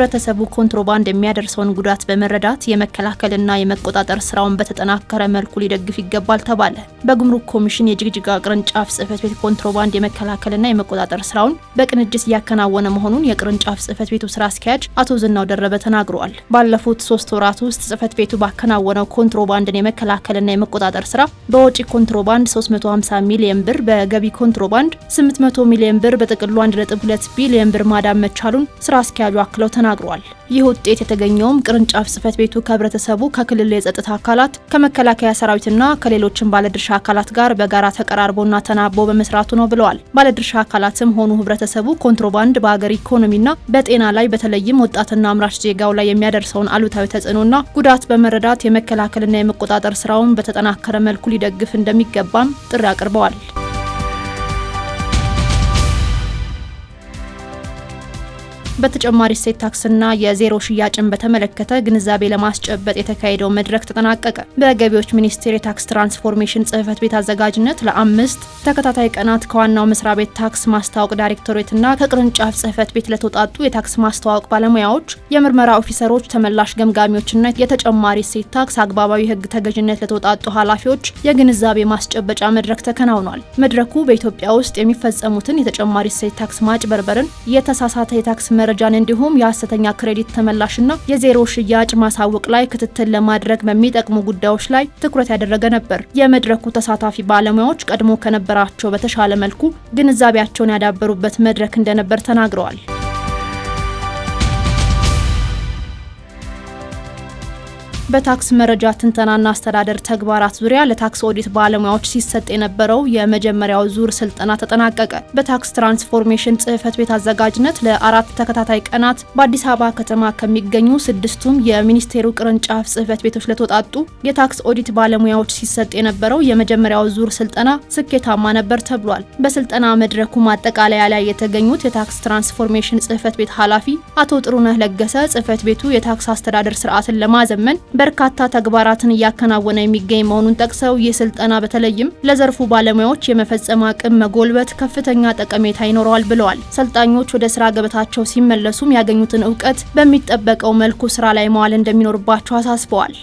ህብረተሰቡ ኮንትሮባንድ የሚያደርሰውን ጉዳት በመረዳት የመከላከልና የመቆጣጠር ስራውን በተጠናከረ መልኩ ሊደግፍ ይገባል ተባለ። በጉምሩክ ኮሚሽን የጅግጅጋ ቅርንጫፍ ጽህፈት ቤት ኮንትሮባንድ የመከላከልና የመቆጣጠር ስራውን በቅንጅት እያከናወነ መሆኑን የቅርንጫፍ ጽህፈት ቤቱ ስራ አስኪያጅ አቶ ዝናው ደረበ ተናግረዋል። ባለፉት ሶስት ወራት ውስጥ ጽህፈት ቤቱ ባከናወነው ኮንትሮባንድን የመከላከልና የመቆጣጠር ስራ በወጪ ኮንትሮባንድ 350 ሚሊዮን ብር፣ በገቢ ኮንትሮባንድ 800 ሚሊዮን ብር፣ በጥቅሉ 1.2 ቢሊዮን ብር ማዳን መቻሉን ስራ አስኪያጁ አክለው ተናግረዋል። ተናግሯል። ይህ ውጤት የተገኘውም ቅርንጫፍ ጽህፈት ቤቱ ከህብረተሰቡ፣ ከክልሉ የጸጥታ አካላት፣ ከመከላከያ ሰራዊትና ከሌሎችም ባለድርሻ አካላት ጋር በጋራ ተቀራርቦና ተናቦ በመስራቱ ነው ብለዋል። ባለድርሻ አካላትም ሆኑ ህብረተሰቡ ኮንትሮባንድ በአገር ኢኮኖሚና በጤና ላይ በተለይም ወጣትና አምራች ዜጋው ላይ የሚያደርሰውን አሉታዊ ተጽዕኖና ጉዳት በመረዳት የመከላከልና የመቆጣጠር ስራውን በተጠናከረ መልኩ ሊደግፍ እንደሚገባም ጥሪ አቅርበዋል። በተጨማሪ እሴት ታክስና የዜሮ ሽያጭን በተመለከተ ግንዛቤ ለማስጨበጥ የተካሄደው መድረክ ተጠናቀቀ። በገቢዎች ሚኒስቴር የታክስ ትራንስፎርሜሽን ጽህፈት ቤት አዘጋጅነት ለአምስት ተከታታይ ቀናት ከዋናው መስሪያ ቤት ታክስ ማስታወቅ ዳይሬክቶሬትና ከቅርንጫፍ ጽህፈት ቤት ለተውጣጡ የታክስ ማስተዋወቅ ባለሙያዎች፣ የምርመራ ኦፊሰሮች፣ ተመላሽ ገምጋሚዎችና የተጨማሪ እሴት ታክስ አግባባዊ ህግ ተገዥነት ለተውጣጡ ኃላፊዎች የግንዛቤ ማስጨበጫ መድረክ ተከናውኗል። መድረኩ በኢትዮጵያ ውስጥ የሚፈጸሙትን የተጨማሪ እሴት ታክስ ማጭበርበርን፣ የተሳሳተ የታክስ መረ መረጃን እንዲሁም የሀሰተኛ ክሬዲት ተመላሽና የዜሮ ሽያጭ ማሳወቅ ላይ ክትትል ለማድረግ በሚጠቅሙ ጉዳዮች ላይ ትኩረት ያደረገ ነበር። የመድረኩ ተሳታፊ ባለሙያዎች ቀድሞ ከነበራቸው በተሻለ መልኩ ግንዛቤያቸውን ያዳበሩበት መድረክ እንደነበር ተናግረዋል። በታክስ መረጃ ትንተናና አስተዳደር ተግባራት ዙሪያ ለታክስ ኦዲት ባለሙያዎች ሲሰጥ የነበረው የመጀመሪያው ዙር ስልጠና ተጠናቀቀ። በታክስ ትራንስፎርሜሽን ጽህፈት ቤት አዘጋጅነት ለአራት ተከታታይ ቀናት በአዲስ አበባ ከተማ ከሚገኙ ስድስቱም የሚኒስቴሩ ቅርንጫፍ ጽህፈት ቤቶች ለተወጣጡ የታክስ ኦዲት ባለሙያዎች ሲሰጥ የነበረው የመጀመሪያው ዙር ስልጠና ስኬታማ ነበር ተብሏል። በስልጠና መድረኩ ማጠቃለያ ላይ የተገኙት የታክስ ትራንስፎርሜሽን ጽህፈት ቤት ኃላፊ አቶ ጥሩነህ ለገሰ ጽህፈት ቤቱ የታክስ አስተዳደር ስርዓትን ለማዘመን በርካታ ተግባራትን እያከናወነ የሚገኝ መሆኑን ጠቅሰው ይህ ስልጠና በተለይም ለዘርፉ ባለሙያዎች የመፈጸም አቅም መጎልበት ከፍተኛ ጠቀሜታ ይኖረዋል ብለዋል። ሰልጣኞች ወደ ስራ ገበታቸው ሲመለሱም ያገኙትን እውቀት በሚጠበቀው መልኩ ስራ ላይ መዋል እንደሚኖርባቸው አሳስበዋል።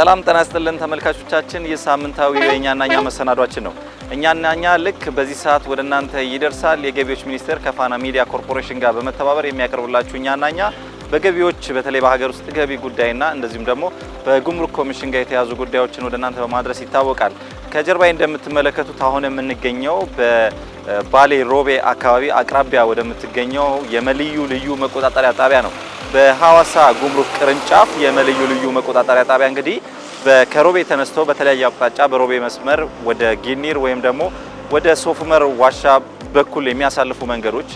ሰላም ጤና ይስጥልን ተመልካቾቻችን፣ ይህ ሳምንታዊ የእኛና መሰናዷችን ነው። እኛናኛ ልክ በዚህ ሰዓት ወደ እናንተ ይደርሳል። የገቢዎች ሚኒስቴር ከፋና ሚዲያ ኮርፖሬሽን ጋር በመተባበር የሚያቀርብላችሁ እኛናኛ በገቢዎች በተለይ በሀገር ውስጥ ገቢ ጉዳይና እንደዚሁም ደግሞ በጉምሩክ ኮሚሽን ጋር የተያዙ ጉዳዮችን ወደ እናንተ በማድረስ ይታወቃል። ከጀርባይ እንደምትመለከቱት አሁን የምንገኘው በባሌ ሮቤ አካባቢ አቅራቢያ ወደምትገኘው የመልዩ ልዩ መቆጣጠሪያ ጣቢያ ነው። በሐዋሳ ጉምሩክ ቅርንጫፍ የመልዩ ልዩ መቆጣጠሪያ ጣቢያ እንግዲህ ከሮቤ ተነስቶ በተለያየ አቅጣጫ በሮቤ መስመር ወደ ጊኒር ወይም ደግሞ ወደ ሶፍመር ዋሻ በኩል የሚያሳልፉ መንገዶች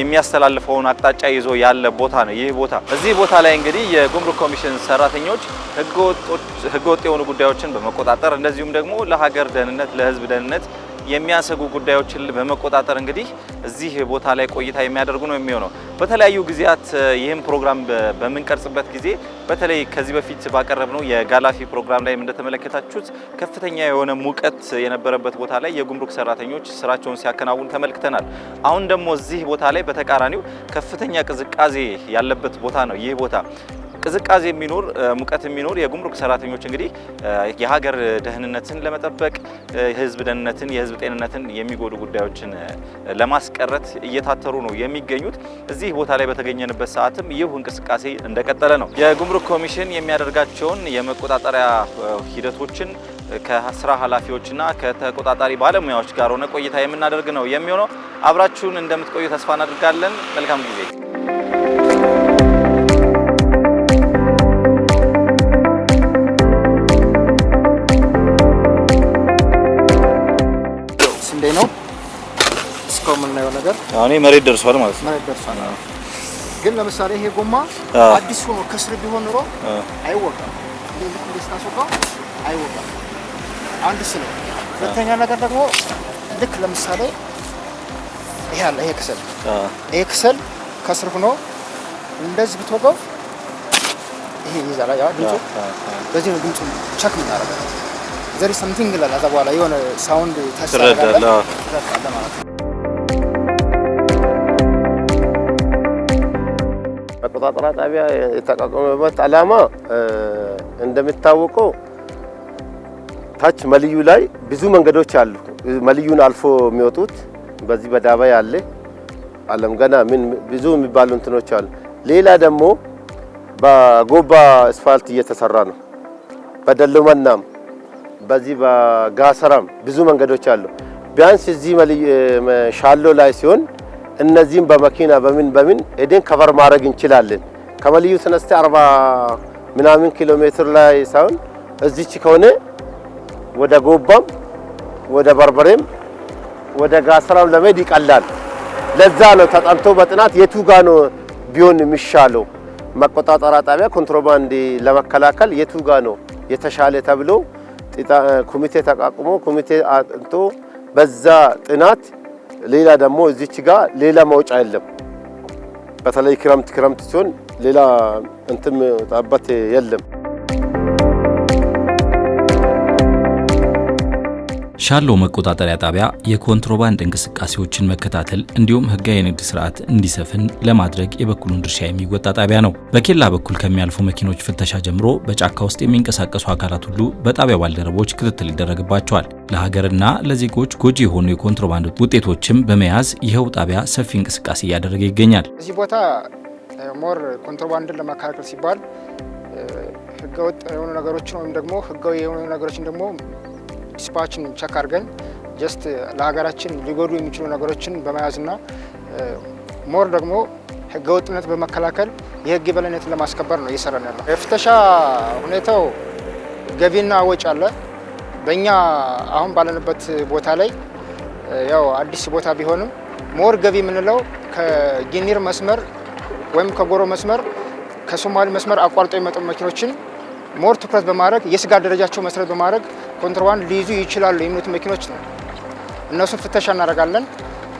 የሚያስተላልፈውን አቅጣጫ ይዞ ያለ ቦታ ነው። ይህ ቦታ እዚህ ቦታ ላይ እንግዲህ የጉምሩክ ኮሚሽን ሰራተኞች ህገወጥ የሆኑ ጉዳዮችን በመቆጣጠር እንደዚሁም ደግሞ ለሀገር ደህንነት፣ ለህዝብ ደህንነት የሚያሰጉ ጉዳዮችን በመቆጣጠር እንግዲህ እዚህ ቦታ ላይ ቆይታ የሚያደርጉ ነው የሚሆነው። በተለያዩ ጊዜያት ይህም ፕሮግራም በምንቀርጽበት ጊዜ በተለይ ከዚህ በፊት ባቀረብነው የጋላፊ ፕሮግራም ላይ እንደተመለከታችሁት ከፍተኛ የሆነ ሙቀት የነበረበት ቦታ ላይ የጉምሩክ ሰራተኞች ስራቸውን ሲያከናውን ተመልክተናል። አሁን ደግሞ እዚህ ቦታ ላይ በተቃራኒው ከፍተኛ ቅዝቃዜ ያለበት ቦታ ነው ይህ ቦታ ቅዝቃዜ የሚኖር ሙቀት የሚኖር የጉምሩክ ሰራተኞች እንግዲህ የሀገር ደህንነትን ለመጠበቅ የህዝብ ደህንነትን፣ የህዝብ ጤንነትን የሚጎዱ ጉዳዮችን ለማስቀረት እየታተሩ ነው የሚገኙት። እዚህ ቦታ ላይ በተገኘንበት ሰዓትም ይህ እንቅስቃሴ እንደቀጠለ ነው። የጉምሩክ ኮሚሽን የሚያደርጋቸውን የመቆጣጠሪያ ሂደቶችን ከስራ ኃላፊዎችና ከተቆጣጣሪ ባለሙያዎች ጋር ሆነ ቆይታ የምናደርግ ነው የሚሆነው። አብራችሁን እንደምትቆዩ ተስፋ እናደርጋለን። መልካም ጊዜ ነገር እኔ መሬት ደርሷል ማለት ነው። መሬት ደርሷል። ግን ለምሳሌ ይሄ ጎማ አዲስ ሆኖ ከስር ቢሆን ኑሮ አይወጋም። ልክ እንደ ስታስወጋው አይወጋም። አንድ ስለ ሁለተኛ ነገር ደግሞ ልክ ለምሳሌ ይሄ አለ ይሄ ክሰል ይሄ ክሰል ከስር ሆኖ እንደዚህ ብትወጋው ይሄ ይዛላ ያ ድምፁ በዚህ ነው ድምፁ ቸክ የምናደርገው ዘሪ ሰምቲንግ ላላ እዛ በኋላ የሆነ ሳውንድ ታስታረጋለህ ትረዳለህ ማለት ነው። መቆጣጠሪያ ጣቢያ የተቋቋመበት ዓላማ እንደሚታወቀው ታች መልዩ ላይ ብዙ መንገዶች አሉ። መልዩን አልፎ የሚወጡት በዚህ በዳባይ አለ አለም ገና ምን ብዙ የሚባሉ እንትኖች አሉ። ሌላ ደግሞ በጎባ አስፋልት እየተሰራ ነው። በደሎመናም በዚህ በጋሰራም ብዙ መንገዶች አሉ። ቢያንስ እዚህ ሻሎ ላይ ሲሆን እነዚህም በመኪና በምን በምን ሄደን ከቨር ማድረግ እንችላለን። ከመልዩ ተነስተ 40 ምናምን ኪሎ ሜትር ላይ ሳይሆን እዚች ከሆነ ወደ ጎባም ወደ በርበሬም ወደ ጋስራም ለመሄድ ይቀላል። ለዛ ነው ተጠንቶ በጥናት የቱ ጋ ነው ቢሆን የሚሻለው መቆጣጠሪያ ጣቢያ ኮንትሮባንድ ለመከላከል የቱ ጋ ነው የተሻለ ተብሎ ኮሚቴ ተቋቁሞ ኮሚቴ አጥንቶ በዛ ጥናት ሌላ ደግሞ እዚች ጋር ሌላ ማውጫ የለም። በተለይ ክረምት ክረምት ሲሆን ሌላ እንትም ጣበት የለም። ሻሎ መቆጣጠሪያ ጣቢያ የኮንትሮባንድ እንቅስቃሴዎችን መከታተል እንዲሁም ህጋዊ የንግድ ስርዓት እንዲሰፍን ለማድረግ የበኩሉን ድርሻ የሚወጣ ጣቢያ ነው። በኬላ በኩል ከሚያልፉ መኪኖች ፍተሻ ጀምሮ በጫካ ውስጥ የሚንቀሳቀሱ አካላት ሁሉ በጣቢያ ባልደረቦች ክትትል ይደረግባቸዋል። ለሀገርና ለዜጎች ጎጂ የሆኑ የኮንትሮባንድ ውጤቶችም በመያዝ ይኸው ጣቢያ ሰፊ እንቅስቃሴ እያደረገ ይገኛል። እዚህ ቦታ ሞር ኮንትሮባንድን ለመከላከል ሲባል ህገወጥ የሆኑ ነገሮችን ወይም ደግሞ ህጋዊ የሆኑ ነገሮችን ደግሞ ዲስፓችን ቸክ አድርገን ጀስት ለሀገራችን ሊጎዱ የሚችሉ ነገሮችን በመያዝና ሞር ደግሞ ህገወጥነት በመከላከል የህግ የበላይነትን ለማስከበር ነው እየሰራን ያለው። የፍተሻ ሁኔታው ገቢና ወጪ አለ። በእኛ አሁን ባለንበት ቦታ ላይ ያው አዲስ ቦታ ቢሆንም ሞር ገቢ የምንለው ከጊኒር መስመር ወይም ከጎሮ መስመር ከሶማሊ መስመር አቋርጦ የመጡ መኪኖችን ሞር ትኩረት በማድረግ የስጋት ደረጃቸው መሰረት በማድረግ ኮንትሮባንድ ሊይዙ ይችላሉ የሚሉት መኪኖች ነው። እነሱን ፍተሻ እናደርጋለን።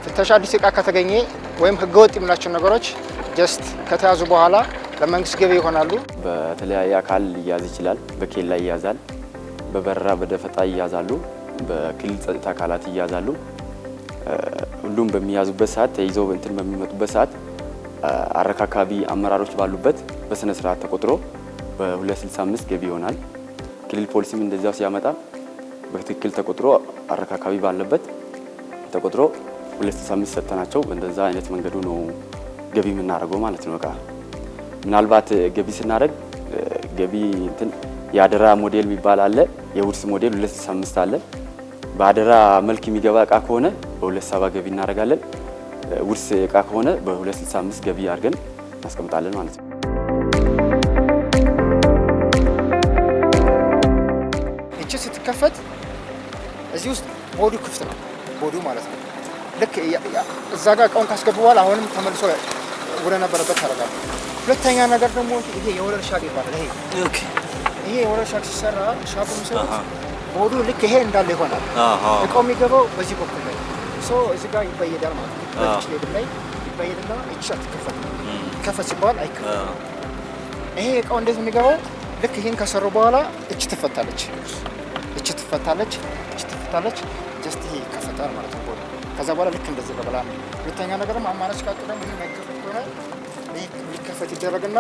ፍተሻ አዲስ እቃ ከተገኘ ወይም ህገወጥ የሚላቸው ነገሮች ጀስት ከተያዙ በኋላ ለመንግስት ገቢ ይሆናሉ። በተለያየ አካል ሊያዝ ይችላል። በኬላ ይያዛል፣ በበረራ በደፈጣ ይያዛሉ፣ በክልል ጸጥታ አካላት ይያዛሉ። ሁሉም በሚያዙበት ሰዓት ተይዘው እንትን በሚመጡበት ሰዓት አረካካቢ አመራሮች ባሉበት በስነ ስርዓት ተቆጥሮ በ265 ገቢ ይሆናል። ክልል ፖሊሲም እንደዚያው ሲያመጣ በትክክል ተቆጥሮ አረካካቢ ባለበት ተቆጥሮ ሁለት ሳምንት ሰጥተናቸው እንደዛ አይነት መንገዱ ነው ገቢ የምናደርገው ማለት ነው። ቃ ምናልባት ገቢ ስናደርግ ገቢ እንትን የአደራ ሞዴል የሚባል አለ፣ የውርስ ሞዴል ሁለት ሳምንት አለ። በአደራ መልክ የሚገባ እቃ ከሆነ በሁለት ሰባ ገቢ እናደርጋለን። ውርስ እቃ ከሆነ በሁለት ስልሳ አምስት ገቢ አድርገን እናስቀምጣለን ማለት ነው። እቺ ስትከፈት እዚህ ውስጥ ቦዲው ክፍት ነው። ቦዲው ማለት ነው። ልክ እዛ ጋር እቃውን ካስገቡ በኋላ አሁንም ተመልሶ ወደ ነበረበት ታደርጋለህ። ሁለተኛ ነገር ደግሞ ይሄ የወለል ሻግ ይባላል። ይሄ ይሄ የወለል ሻግ ሲሰራ ሻጉ የሚሰሩት ቦዱ ልክ ይሄ እንዳለ ይሆናል። እቃው የሚገባው በዚህ በኩል ላይ ሰው እዚህ ጋር ይበየዳል ማለት ነው። በዚች ሌብል ላይ ይበየድና እቺ አትከፈት ከፈት ሲባል አይከፈት። ይሄ እቃው እንደዚህ የሚገባው ልክ ይህን ከሰሩ በኋላ እች ትፈታለች፣ እች ትፈታለች ትከፍታለች። ጀስት ይሄ ይከፈታል ማለት ነው። ከዛ በኋላ ልክ እንደዚህ በበላ ሁለተኛ ነገር ደግሞ አማራጭ ካጡ ደግሞ ይህ ማይከፈት ከሆነ ሊከፈት ይደረግና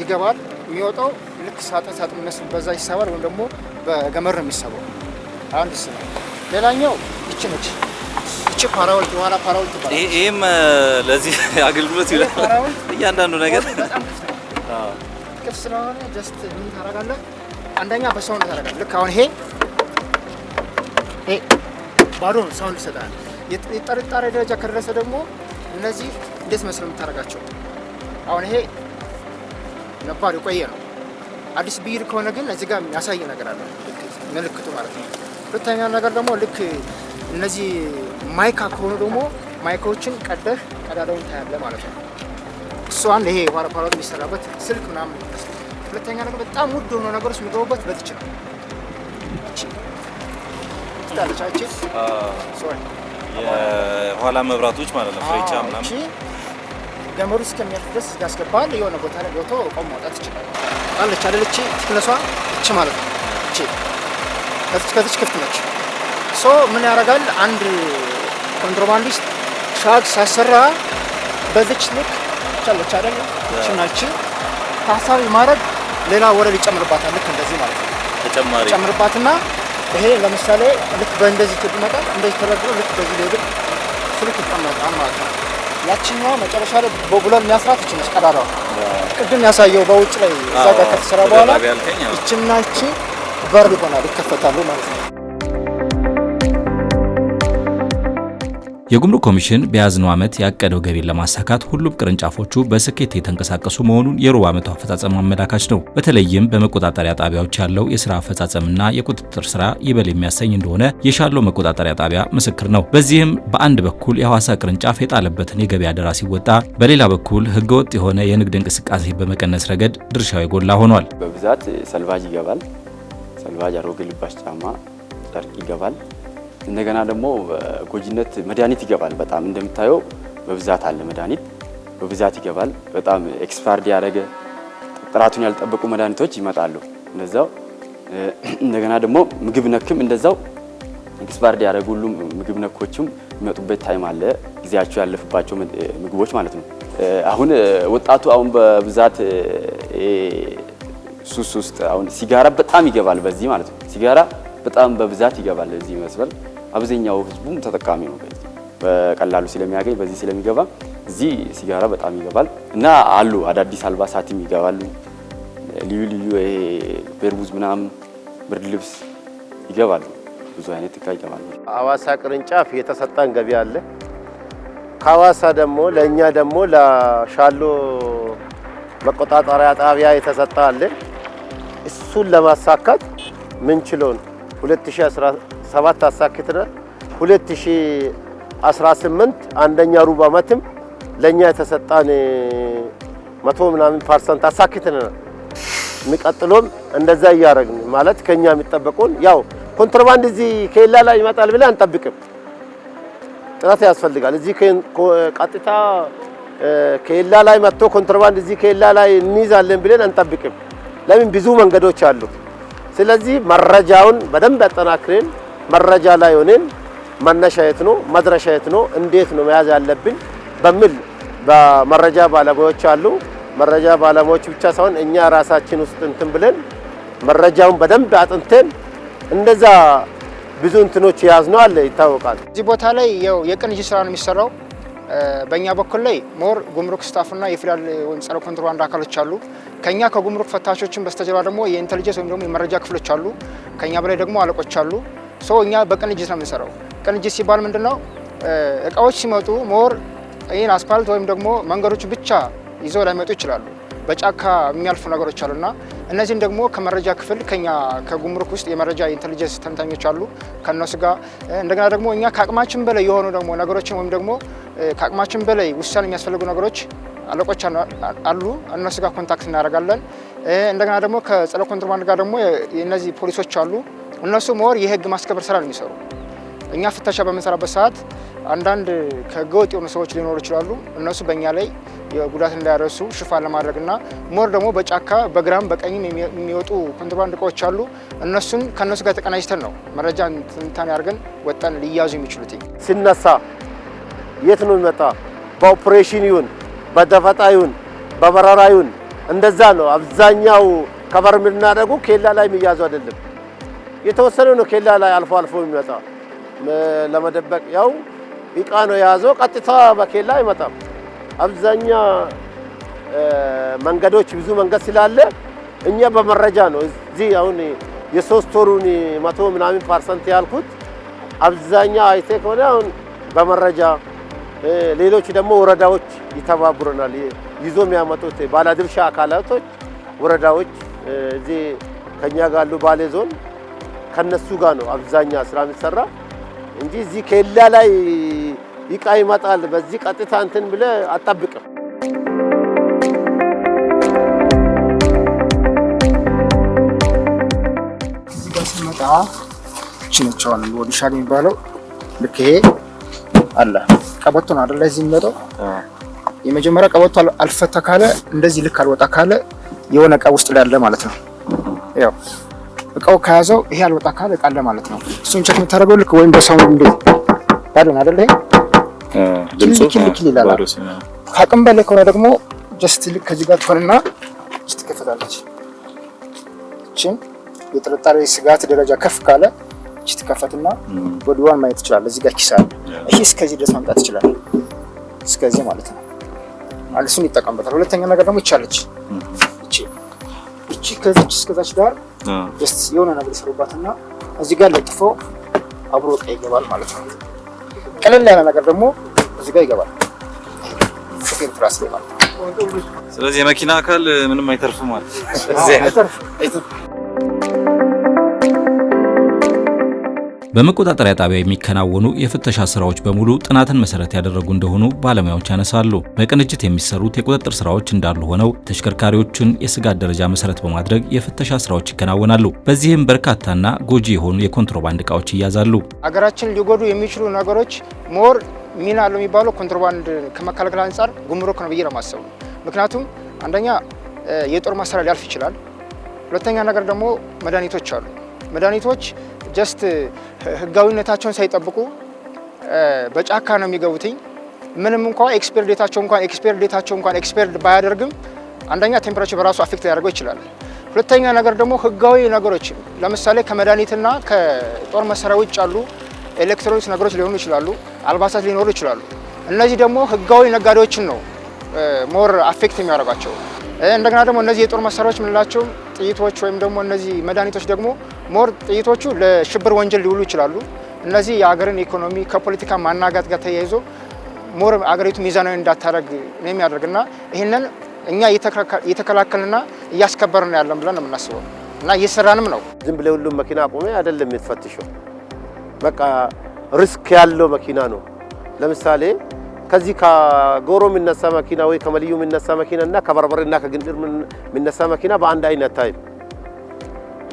ይገባል። የሚወጣው ልክ ሳጥን ሳጥን መስል በዛ ይሳባል፣ ወይም ደግሞ በገመር ነው የሚሳበው። አንድ ስ ነው። ሌላኛው ይች ነች። ይቺ ፓራውልት የኋላ ፓራውልት ይባላል። ይህም ለዚህ አገልግሎት ይውላል። እያንዳንዱ ነገር በጣም ክፍት ስለሆነ ጀስት ምን ታደርጋለህ? አንደኛ በሰውነት ታደርጋለህ። ልክ አሁን ይሄ ባዶ ነው ሳውንድ ይሰጣል። የጥርጣሬ ደረጃ ከደረሰ ደግሞ እነዚህ እንዴት መስለው የምታደርጋቸው አሁን ይሄ ነባር የቆየ ነው። አዲስ ብይድ ከሆነ ግን እዚህ ጋር የሚያሳይ ነገር አለ ምልክቱ ማለት ነው። ሁለተኛ ነገር ደግሞ ልክ እነዚህ ማይካ ከሆኑ ደግሞ ማይካዎችን ቀደህ ቀዳዳውን ታያለ ማለት ነው። እሱ አንድ ይሄ ኋላ የሚሰራበት ስልክ ምናምን። ሁለተኛ ነገር በጣም ውድ የሆኑ ነገሮች የሚገቡበት በትች ነው። ትላለቻችን የኋላ መብራቶች ማለት ነው። ፍሬቻ ምናምን ገመዱ እስከሚያልፍ ድረስ ያስገባል። የሆነ ቦታ ላይ ቦቶ ቆም ማውጣት ይችላል። አለች አደለች ትክነሷ እች ማለት ነው። እቺ ከዚች ክፍት ነች። ሶ ምን ያደርጋል አንድ ኮንትሮባንዲስት ሻግ ሲያሰራ በዚች ልክ ቻለች አደለ ችናች ታሳቢ ማድረግ ሌላ ወረድ ይጨምርባታል። ልክ እንደዚህ ማለት ነው። ተጨማሪ ይጨምርባትና ይሄ ለምሳሌ ልክ በእንደዚህ ተቀመጠ፣ እንደዚህ ተደርድሮ ልክ በዚህ ሌብል ስልክ ይቀመጣል ማለት ነው። ያችኛዋ መጨረሻ ላይ በቡለን የሚያስራት እቺ ነች ቀዳዳዋ። ቅድም ያሳየው በውጭ ላይ እዛ ጋር ከተሰራ በኋላ እችና እቺ በር ይሆናል ይከፈታሉ ማለት ነው። የጉምሩክ ኮሚሽን በያዝነው ዓመት ያቀደው ገቢን ለማሳካት ሁሉም ቅርንጫፎቹ በስኬት የተንቀሳቀሱ መሆኑን የሩብ ዓመቱ አፈጻጸም አመላካች ነው። በተለይም በመቆጣጠሪያ ጣቢያዎች ያለው የስራ አፈጻጸምና የቁጥጥር ስራ ይበል የሚያሰኝ እንደሆነ የሻሎ መቆጣጠሪያ ጣቢያ ምስክር ነው። በዚህም በአንድ በኩል የሐዋሳ ቅርንጫፍ የጣለበትን የገቢ አደራ ሲወጣ፣ በሌላ በኩል ህገወጥ የሆነ የንግድ እንቅስቃሴ በመቀነስ ረገድ ድርሻው የጎላ ሆኗል። በብዛት ሰልቫጅ ይገባል። ሰልቫጅ፣ አሮጌ ልባሽ ጫማ ጨርቅ ይገባል። እንደገና ደግሞ ጎጂነት መድኃኒት ይገባል። በጣም እንደምታየው በብዛት አለ መድኃኒት በብዛት ይገባል። በጣም ኤክስፓርድ ያደረገ ጥራቱን ያልጠበቁ መድኃኒቶች ይመጣሉ እንደዛው። እንደገና ደግሞ ምግብ ነክም እንደዛው ኤክስፓርድ ያደረጉ ሁሉ ምግብ ነኮችም የሚመጡበት ታይም አለ፣ ጊዜያቸው ያለፍባቸው ምግቦች ማለት ነው። አሁን ወጣቱ አሁን በብዛት ሱስ ውስጥ አሁን ሲጋራ በጣም ይገባል፣ በዚህ ማለት ነው። ሲጋራ በጣም በብዛት ይገባል እዚህ መስበል አብዛኛው ህዝቡም ተጠቃሚ ነው። በቀላሉ ስለሚያገኝ በዚህ ስለሚገባ እዚህ ሲጋራ በጣም ይገባል እና አሉ አዳዲስ አልባሳትም ይገባሉ። ልዩ ልዩ ቤርሙዝ ምናምን ብርድ ልብስ ይገባሉ። ብዙ አይነት እቃ ይገባሉ። አዋሳ ቅርንጫፍ የተሰጠን ገቢ አለ። ከሀዋሳ ደግሞ ለእኛ ደግሞ ለሻሎ መቆጣጠሪያ ጣቢያ የተሰጠ አለ። እሱን ለማሳካት ምንችለውን 2017 ሰባት አሳክተናል። 2018 አንደኛ ሩብ ዓመትም ለእኛ የተሰጣን መቶ ምናምን ፐርሰንት አሳክተናል። የሚቀጥሎም እንደዛ እያደረግን ማለት ከኛ የሚጠበቁን ያው ኮንትሮባንድ እዚህ ከሌላ ላይ ይመጣል ብለን አንጠብቅም። ጥረት ያስፈልጋል። እዚህ ቀጥታ ከሌላ ላይ መጥቶ ኮንትሮባንድ እዚህ ከሌላ ላይ እንይዛለን ብለን አንጠብቅም። ለምን ብዙ መንገዶች አሉ። ስለዚህ መረጃውን በደንብ ያጠናክርን መረጃ ላይ ሆነን መነሻ የት ነው፣ መድረሻ የት ነው፣ እንዴት ነው መያዝ ያለብን በሚል በመረጃ ባለሙያዎች አሉ። መረጃ ባለሙያዎች ብቻ ሳይሆን እኛ ራሳችን ውስጥ እንትን ብለን መረጃውን በደንብ አጥንተን እንደዛ ብዙ እንትኖች የያዝ ነው አለ ይታወቃል። እዚህ ቦታ ላይ ያው የቅንጅት ስራ ነው የሚሰራው። በእኛ በኩል ላይ ሞር ጉምሩክ እና የፌዴራል ወይም ጸረ ኮንትሮባንድ አካሎች አሉ። ከኛ ከጉምሩክ ፈታሾችን በስተጀርባ ደግሞ የኢንቴሊጀንስ ወይም ደግሞ የመረጃ ክፍሎች አሉ። ከኛ በላይ ደግሞ አለቆች አሉ። ሰው እኛ በቅንጅት ነው የምንሰራው። ቅንጅት ሲባል ምንድን ነው? እቃዎች ሲመጡ ሞር ይህን አስፓልት ወይም ደግሞ መንገዶች ብቻ ይዘው ላይመጡ ይችላሉ። በጫካ የሚያልፉ ነገሮች አሉና እነዚህም ደግሞ ከመረጃ ክፍል ከኛ ከጉምሩክ ውስጥ የመረጃ ኢንቴሊጀንስ ተንታኞች አሉ። ከነሱ ጋር እንደገና ደግሞ እኛ ከአቅማችን በላይ የሆኑ ደግሞ ነገሮችን ወይም ደግሞ ከአቅማችን በላይ ውሳኔ የሚያስፈልጉ ነገሮች አለቆች አሉ። እነሱ ጋር ኮንታክት እናደርጋለን። እንደገና ደግሞ ከጸረ ኮንትሮባንድ ጋር ደግሞ እነዚህ ፖሊሶች አሉ። እነሱ መወር የህግ ማስከበር ስራ ነው የሚሰሩ። እኛ ፍተሻ በምንሰራበት ሰዓት አንዳንድ ከህገወጥ የሆኑ ሰዎች ሊኖሩ ይችላሉ። እነሱ በእኛ ላይ ጉዳት እንዳያደርሱ ሽፋን ለማድረግ እና ሞር ደግሞ በጫካ በግራም በቀኝም የሚወጡ ኮንትሮባንድ እቃዎች አሉ። እነሱን ከእነሱ ጋር ተቀናጅተን ነው መረጃ ትንታኔ አድርገን ወጠን ሊያዙ የሚችሉት። ሲነሳ የት ነው የሚመጣ? በኦፕሬሽን ይሁን በደፈጣ ይሁን በበረራ ይሁን እንደዛ ነው። አብዛኛው ከበር የምናደርጉ ኬላ ላይ የሚያዙ አይደለም። የተወሰነ ነው ኬላ ላይ አልፎ አልፎ የሚመጣ ለመደበቅ ያው እቃ ነው የያዘው፣ ቀጥታ በኬላ አይመጣም። አብዛኛ መንገዶች ብዙ መንገድ ስላለ እኛ በመረጃ ነው እዚህ አሁን የሶስት ወሩን መቶ ምናምን ፐርሰንት ያልኩት አብዛኛ አይቴ ከሆነ አሁን በመረጃ ሌሎች ደግሞ ወረዳዎች ይተባብሩናል። ይዞ የሚያመጡት ባለድርሻ አካላቶች ወረዳዎች እዚህ ከኛ ጋር አሉ ባሌ ዞን ከነሱ ጋር ነው አብዛኛ ስራ የሚሰራ እንጂ እዚህ ኬላ ላይ ይቃ ይመጣል። በዚህ ቀጥታ እንትን ብለ አጠብቅም። እዚህ ጋር ስመጣ ችንቸዋን ወዲሻል የሚባለው ልክ ይሄ አለ ቀበቶ ነው አደላ እዚህ የሚመጣው የመጀመሪያ ቀበቶ አልፈታ ካለ እንደዚህ ልክ አልወጣ ካለ የሆነ እቃ ውስጥ ላይ አለ ማለት ነው ያው እቃው ከያዘው ይሄ አልወጣ ካለ እቃ አለ ማለት ነው። እሱን ቼክ የምታደርገው ልክ ወይም በሳውንድ እንደ ባዶን አይደለ ድምፁ ይላል። ከአቅም በላይ ከሆነ ደግሞ ጀስት ልክ ከዚህ ጋር ትሆንና ውስጥ ትከፈታለች። ይህችን የጥርጣሬ ስጋት ደረጃ ከፍ ካለ ይህች ትከፈትና ወዲዋን ማየት ትችላለህ። እዚህ ጋር ኪሳል ይሄ እስከዚህ ድረስ ማምጣት ይችላል። እስከዚህ ማለት ነው። እሱን ይጠቀምበታል። ሁለተኛ ነገር ደግሞ ይቻለች እቺ ከዚች እስከዛች ጋር ጀስት የሆነ ነገር ይሰሩባትና እዚህ ጋር ለጥፈው አብሮ እቃ ይገባል ማለት ነው። ቀለል ያለ ነገር ደግሞ እዚህ ጋር ይገባል፣ ይገባል። ስለዚህ የመኪና አካል ምንም አይተርፍም ማለት በመቆጣጠሪያ ጣቢያ የሚከናወኑ የፍተሻ ስራዎች በሙሉ ጥናትን መሰረት ያደረጉ እንደሆኑ ባለሙያዎች ያነሳሉ። በቅንጅት የሚሰሩት የቁጥጥር ስራዎች እንዳሉ ሆነው ተሽከርካሪዎችን የስጋት ደረጃ መሰረት በማድረግ የፍተሻ ስራዎች ይከናወናሉ። በዚህም በርካታና ጎጂ የሆኑ የኮንትሮባንድ እቃዎች ይያዛሉ። አገራችን ሊጎዱ የሚችሉ ነገሮች ሞር ሚና አለው የሚባለው ኮንትሮባንድ ከመከላከል አንጻር ጉምሩክ ነው ብዬ ነው ምክንያቱም አንደኛ የጦር መሳሪያ ሊያልፍ ይችላል። ሁለተኛ ነገር ደግሞ መድኃኒቶች አሉ። መድኃኒቶች ጀስት ህጋዊነታቸውን ሳይጠብቁ በጫካ ነው የሚገቡትኝ። ምንም እንኳ ኤክስፔር ዴታቸው እንኳን ኤክስፔር ዴታቸው እንኳን ኤክስፔር ባያደርግም አንደኛ ቴምፕሬቸር በራሱ አፌክት ሊያደርገው ይችላል። ሁለተኛ ነገር ደግሞ ህጋዊ ነገሮች ለምሳሌ ከመድኃኒትና ከጦር መሳሪያ ውጭ ያሉ ኤሌክትሮኒክስ ነገሮች ሊሆኑ ይችላሉ፣ አልባሳት ሊኖሩ ይችላሉ። እነዚህ ደግሞ ህጋዊ ነጋዴዎችን ነው ሞር አፌክት የሚያደርጓቸው። እንደገና ደግሞ እነዚህ የጦር መሳሪያዎች የምንላቸው ጥይቶች ወይም ደግሞ እነዚህ መድኃኒቶች ደግሞ ሞር ጥይቶቹ ለሽብር ወንጀል ሊውሉ ይችላሉ። እነዚህ የአገርን ኢኮኖሚ ከፖለቲካ ማናጋት ጋር ተያይዞ ሞር አገሪቱ ሚዛናዊ እንዳታደረግ ነው የሚያደርግ እና ይህንን እኛ እየተከላከልና ነው ያለን ብለን የምናስበው እና እየሰራንም ነው። ዝም ብለ ሁሉም መኪና አቁሜ አይደለም የተፈትሸው። በቃ ሪስክ ያለው መኪና ነው። ለምሳሌ ከዚህ ከጎሮ የሚነሳ መኪና ወይ ከመልዩ የሚነሳ መኪና እና ከበርበሬና ከግንድር የሚነሳ መኪና በአንድ አይነት ታይም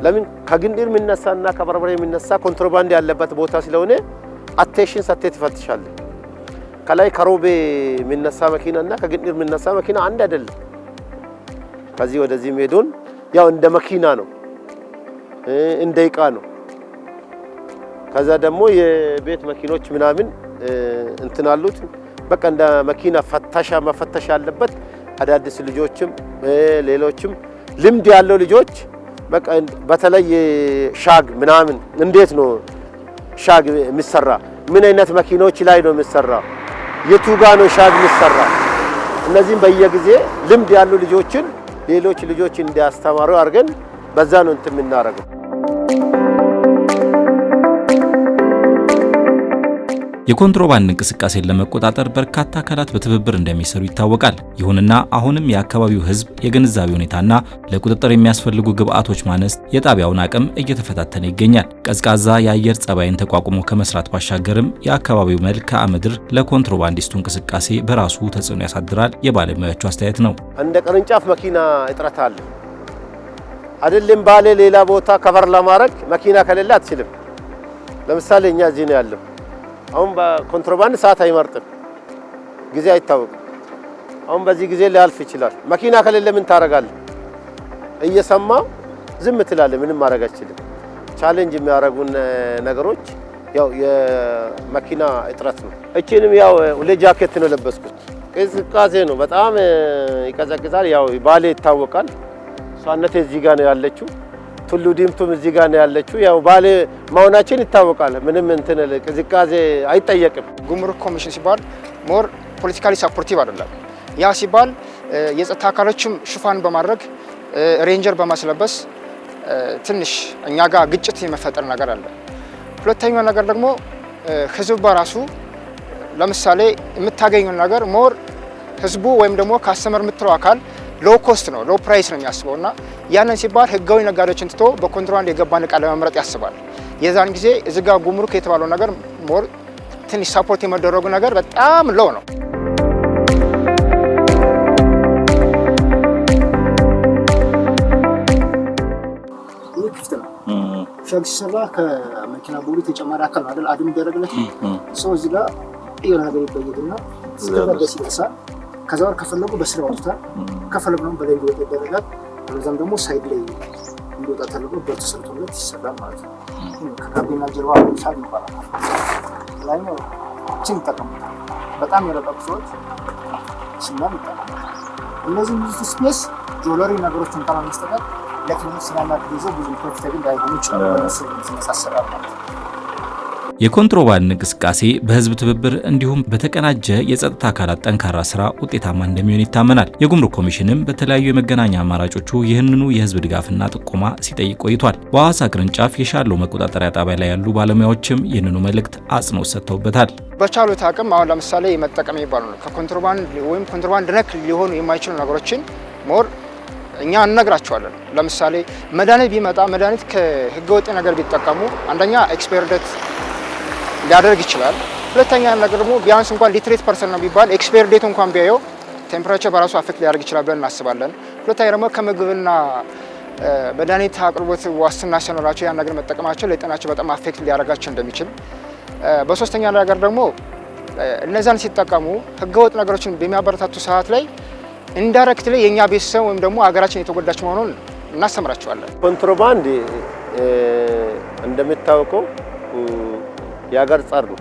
ለምን የሚነሳ የሚነሳና ከበርበሬ የሚነሳ ኮንትሮባንድ ያለበት ቦታ ስለሆነ አቴሽን ሰቴ ትፈትሻለ። ከላይ ከሮቤ የሚነሳ መኪና እና ከግንድር የሚነሳ መኪና አንድ አይደለም። ከዚህ ወደዚህ ሄዱን ያው እንደ መኪና ነው፣ እንደ እቃ ነው። ከዛ ደግሞ የቤት መኪኖች ምናምን እንትን አሉት። በቃ እንደ መኪና ፈተሻ መፈተሻ ያለበት አዳዲስ ልጆችም ሌሎችም ልምድ ያለው ልጆች በቃ በተለይ ሻግ ምናምን እንዴት ነው ሻግ የሚሰራ? ምን አይነት መኪኖች ላይ ነው የሚሰራ? የቱ ጋ ነው ሻግ የሚሰራ? እነዚህም በየጊዜ ልምድ ያሉ ልጆችን ሌሎች ልጆች እንዲያስተማሩ አድርገን በዛ ነው እንትን የምናደርገው። የኮንትሮባንድ እንቅስቃሴን ለመቆጣጠር በርካታ አካላት በትብብር እንደሚሰሩ ይታወቃል። ይሁንና አሁንም የአካባቢው ሕዝብ የግንዛቤ ሁኔታና ለቁጥጥር የሚያስፈልጉ ግብአቶች ማነስ የጣቢያውን አቅም እየተፈታተነ ይገኛል። ቀዝቃዛ የአየር ጸባይን ተቋቁሞ ከመስራት ባሻገርም የአካባቢው መልክዓ ምድር ለኮንትሮባንዲስቱ እንቅስቃሴ በራሱ ተጽዕኖ ያሳድራል የባለሙያዎቹ አስተያየት ነው። እንደ ቅርንጫፍ መኪና እጥረት አለ አይደለም? ባሌ ሌላ ቦታ ከፈር ለማድረግ መኪና ከሌለ አትችልም። ለምሳሌ እኛ እዚህ ነው ያለው አሁን በኮንትሮባንድ ሰዓት አይመርጥም፣ ጊዜ አይታወቅም። አሁን በዚህ ጊዜ ሊያልፍ ይችላል። መኪና ከሌለ ምን ታደርጋለህ? እየሰማ ዝም ትላለህ። ምንም ማድረግ አይችልም። ቻሌንጅ የሚያደርጉን ነገሮች ያው የመኪና እጥረት ነው። እቺንም ያው ሁሌ ጃኬት ነው ለበስኩት። ቅዝቃዜ ነው፣ በጣም ይቀዘቅዛል። ያው ባሌ ይታወቃል። እሷነት እዚህ ጋር ነው ያለችው። ቱሉ ዲምቱም እዚህ ጋር ነው ያለችው። ያው ባሌ መሆናችን ይታወቃል። ምንም እንትን ቅዝቃዜ አይጠየቅም። ጉምሩክ ኮሚሽን ሲባል ሞር ፖለቲካሊ ሳፖርቲቭ አይደለም። ያ ሲባል የጸጥታ አካሎችም ሽፋን በማድረግ ሬንጀር በማስለበስ ትንሽ እኛ ጋር ግጭት የመፈጠር ነገር አለ። ሁለተኛው ነገር ደግሞ ህዝብ በራሱ ለምሳሌ የምታገኙን ነገር ሞር ህዝቡ ወይም ደግሞ ካስተመር የምትለው አካል ሎው ኮስት ነው ሎው ፕራይስ ነው የሚያስበው እና ያንን ሲባል ህጋዊ ነጋዴዎችን ትቶ በኮንትሮባንድ የገባን እቃ ለመምረጥ ያስባል። የዛን ጊዜ እዚህ ጋር ጉምሩክ የተባለው ነገር ሞር ትንሽ ሳፖርት የመደረጉ ነገር በጣም ሎው ነው። ሸግ ሲሰራ ከመኪና ቦሪ ተጨማሪ አካል ነው አይደል? አድም ይደረግለት ሰው እዚህ ጋር የሆነ ነገር ይበየድና ስገባ ደስ ይደርሳል። ከዛ ወር ከፈለጉ በስራ ወጥታል፣ ከፈለጉ ነው በደንብ ይደረጋል። ከዛም ደግሞ ሳይድ ላይ እንዲወጣ ተደርጎ በር ሰርቶለት ይሰራል ማለት ነው። ከካቢና ጀርባ ሳድ ይባላል። ላይ ችን ይጠቀሙታል። በጣም የረቀቁ ሰዎች ሽናም ይጠቀሙታል። እነዚህ ብዙ ስፔስ ጆለሪ ነገሮችን እንኳን መስጠቀም ለክሊኒክ ስናና ብዙ ብዙ ፕሮፊታብል ላይሆኑ ይችላሉ። ስ ስናሳሰራል ማለት ነው የኮንትሮባንድ እንቅስቃሴ በህዝብ ትብብር እንዲሁም በተቀናጀ የጸጥታ አካላት ጠንካራ ስራ ውጤታማ እንደሚሆን ይታመናል። የጉምሩክ ኮሚሽንም በተለያዩ የመገናኛ አማራጮቹ ይህንኑ የህዝብ ድጋፍና ጥቆማ ሲጠይቅ ቆይቷል። በሐዋሳ ቅርንጫፍ የሻለው መቆጣጠሪያ ጣቢያ ላይ ያሉ ባለሙያዎችም ይህንኑ መልእክት አጽንኦት ሰጥተውበታል። በቻሉት አቅም አሁን ለምሳሌ መጠቀም ይባሉ ነው ከኮንትሮባንድ ወይም ኮንትሮባንድ ነክ ሊሆኑ የማይችሉ ነገሮችን ሞር እኛ እንነግራቸዋለን። ለምሳሌ መድኃኒት ቢመጣ መድኃኒት ከህገወጥ ነገር ቢጠቀሙ አንደኛ ኤክስፐርደት ሊያደርግ ይችላል። ሁለተኛ ነገር ደግሞ ቢያንስ እንኳን ሊትሬት ፐርሰን ነው የሚባል ኤክስፓየር ዴት እንኳን ቢያየው ቴምፕሬቸር በራሱ አፌክት ሊያደርግ ይችላል ብለን እናስባለን። ሁለተኛ ደግሞ ከምግብና መድኃኒት አቅርቦት ዋስትና ሲኖራቸው ያን ነገር መጠቀማቸው ለጤናቸው በጣም አፌክት ሊያደርጋቸው እንደሚችል፣ በሶስተኛ ነገር ደግሞ እነዛን ሲጠቀሙ ህገወጥ ነገሮችን በሚያበረታቱ ሰዓት ላይ ኢንዳይሬክት ላይ የእኛ ቤተሰብ ወይም ደግሞ ሀገራችን የተጎዳች መሆኑን እናስተምራቸዋለን። ኮንትሮባንድ እንደሚታወቀው የሀገር ጸር ነው።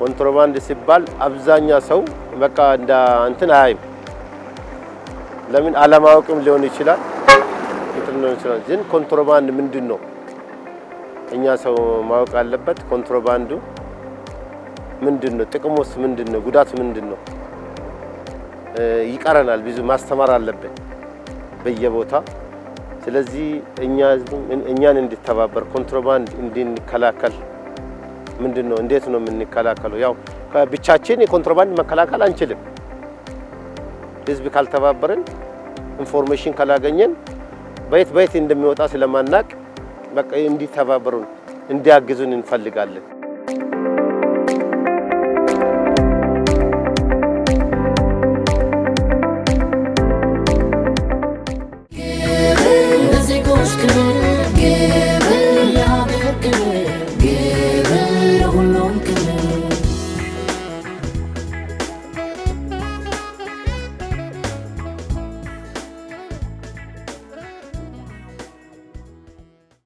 ኮንትሮባንድ ሲባል አብዛኛ ሰው በቃ እንደ እንትን አያይም። ለምን አለማወቅም ሊሆን ይችላል እንትን ሊሆን ይችላል። ግን ኮንትሮባንድ ምንድን ነው? እኛ ሰው ማወቅ አለበት። ኮንትሮባንዱ ምንድን ነው? ጥቅሙስ ምንድን ነው? ጉዳት ምንድን ነው? ይቀረናል። ብዙ ማስተማር አለብን በየቦታ ስለዚህ እኛ እኛን እንዲተባበር ኮንትሮባንድ እንድንከላከል ምንድን ነው እንዴት ነው የምንከላከለው? ያው ብቻችን የኮንትሮባንድ መከላከል አንችልም። ህዝብ ካልተባበረን ኢንፎርሜሽን ካላገኘን በየት በየት እንደሚወጣ ስለማናቅ በቃ እንዲተባበሩን እንዲያግዙን እንፈልጋለን።